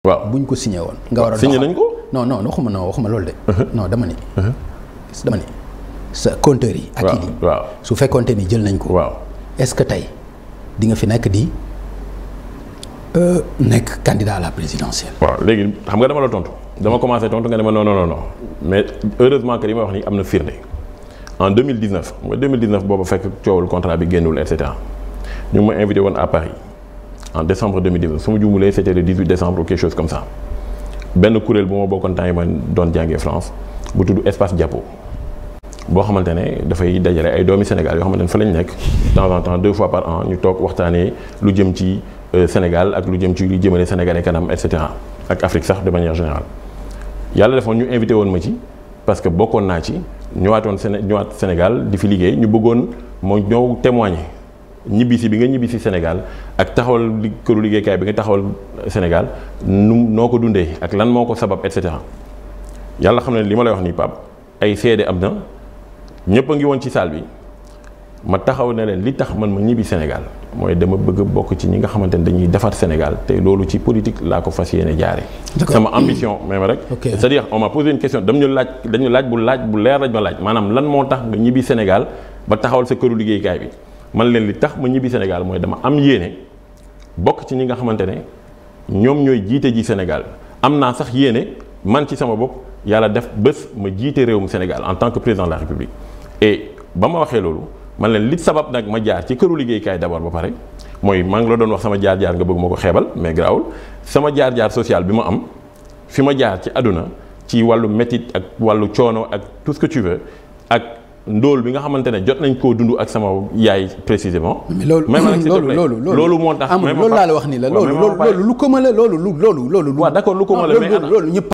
waaw bu ñu ko signé woon. nga war a signé nañ ko. non non waxuma non waxuma loolu de. Uh-huh. non dama ni. Uh-huh. dama ni sa compteur yi. ak yi waaw su fekkonte ni jël nañ ko. waaw est-ce que tey di nga fi nekk di euh, nekk candidat à la présidentielle. waaw léegi xam nga dama la tontu dama commencé tontu nga ne ma non non non mais heureusement que li ma wax nii am na firnde en 2019 mooy 2019 booba fekk coowul contrat bi génnul et cetera ñu ngi ma invité woon à Paris. en décembre 2019 su ma juumulee c'était décembre ou chose comme ça benn kuréel bu ma bokkoon temps ma doon jàngee France bu tudd espace Diapo boo xamante ne dafay dajale ay doomi Sénégal yoo xamante ne fa lañ nekk de temps en temps deux fois par an ñu toog waxtaanee lu jëm ci euh, Sénégal ak lu jëm ci lu jëmale sénégalais kanam et cetera ak Afrique sax de manière générale yàlla defoon ñu invité woon ma ci parce que bokkoon naa ci ñëwaatoon Séné ñëwaat Sénégal di fi liggéey ñu bëggoon ma ñëw témoigner ñibbisi bi nga ñibbi si Sénégal ak taxawal këru liggéeykaay bi nga taxawal Sénégal nu noo ko dundee ak lan moo ko sabab et yàlla xam ne li ma lay wax nii Pape ay seede am na ñëpp a ngi woon ci saal bi ma taxaw ne leen li tax man ma ñibbi Sénégal mooy dama bëgg bokk ci ñi nga xamante ne dañuy defar Sénégal te loolu ci politique laa ko fas yéene jaare sama ambition même rek c'est-à-dire on m'a posé question dam ñu laaj dañu laaj bu laaj bu leer lañ ma laaj maanaam lan moo tax ñibbi Sénégal ba taxawal sa këru liggéeykaay bi man leen li tax ma ñibbi Sénégal mooy dama am yéene bokk ci ñi nga xamante ne ñoom ñooy jiite ji Sénégal am naa sax yéene man ci sama bopp yàlla def bés ma jiite réewum Sénégal en tant que président de la République et ba ma waxee loolu man leen li sabab nag ma jaar ci këru liggéeykaay d'abord ba pare mooy maa ngi la doon wax sama jaar-jaar nga bëgg ma ko xeebal mais garaawul sama jaar-jaar social bi ma am fi ma jaar ci àdduna ci wàllu métit ak wàllu coono ak tout ce ndool bi nga xamante ne jot nañ koo dund ak sama yaay précisément. mais loolu loolu loolu loolu moo tax. amul loolu laa wax nii la loolu loolu lu ko ma la loolu lu loolu loolu. waaw d'accord lu ko ma la mais